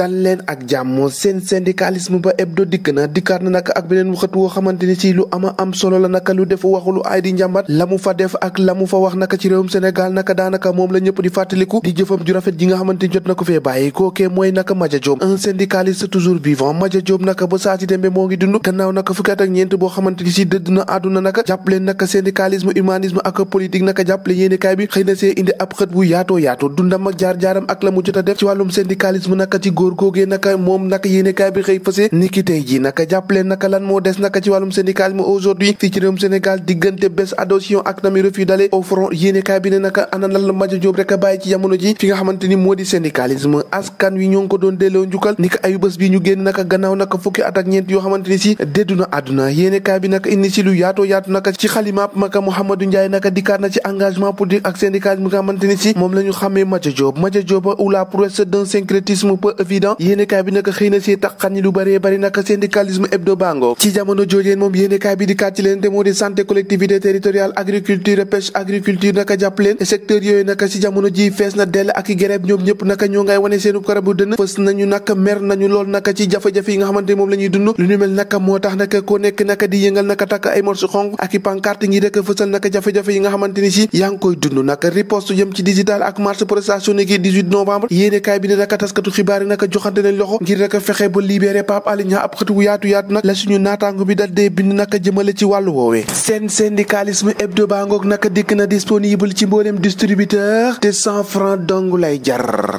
dal leen ak jàmm seen syndicalisme ba hebdo dikk na dikkaat na ak beneen waxat woo xamante ni ci lu ama am solo la naka lu def waxulu ay di njàmbat la mu fa def ak la mu fa wax ci réewum Sénégal naka daanaka moom la ñëpp di fàttaliku di jëfam ju rafet ji nga xamante ni jot na ko fee bàyyi kookee mooy naka Madia Diop un syndicaliste toujours vivant Madia Diop naka ba saa si dembe moo ngi dund gannaaw naka fukki boo xamante ni ci dëdd na àdduna naka jàpp leen naka syndicalisme humanisme ak politique naka jàpp bi xëy na see indi ab xët bu yaatoo yaatoo dundam ak jaar-jaaram ak la mu jot a def ci góor góogee naka moom naka yéenekaay xëy fësee ni ji naka jàppaleen naka lan moo des naka ci wàllum Sénégal diggante bés adoption ak nami refus d'aller au front yéenekaay naka ana a bi ñu génn naka gannaaw naka fukki at ak ñeent yoo si déddu na àdduna yéenekaay bi naka indi si lu yaatoo yaatu naka ci xalimaab maka Mouhamadou Ndiaye naka dikkaat na ci engagement politique ak syndicalisme nga xamante si moom la ñu xàmmee Madia Diop Madia Diop la prouesse d'un syncrétisme évident yéenekaay bi naka xëy na si taxxan ñi lu bëree bëri naka syndicalisme hebdo bango ci jamono joojeen moom yéenekaay bi naka jàpp si jamono ji yi lu ñu mel naka moo tax naka ci digital ak marche protestation ni bi naka taskatu xibaar yi naka daanaka joxante nañ loxo ngir rek a fexe ba libéré Pape Alé Niang ab xët wu yaatu yaatu nag la suñu naataango bi dal dee bind naka jëmale ci wàllu woowee seen di syndicalisme hebdo baa ngoog naka dikk na disponible ci mbooleem distributeur te cent francs dong lay jar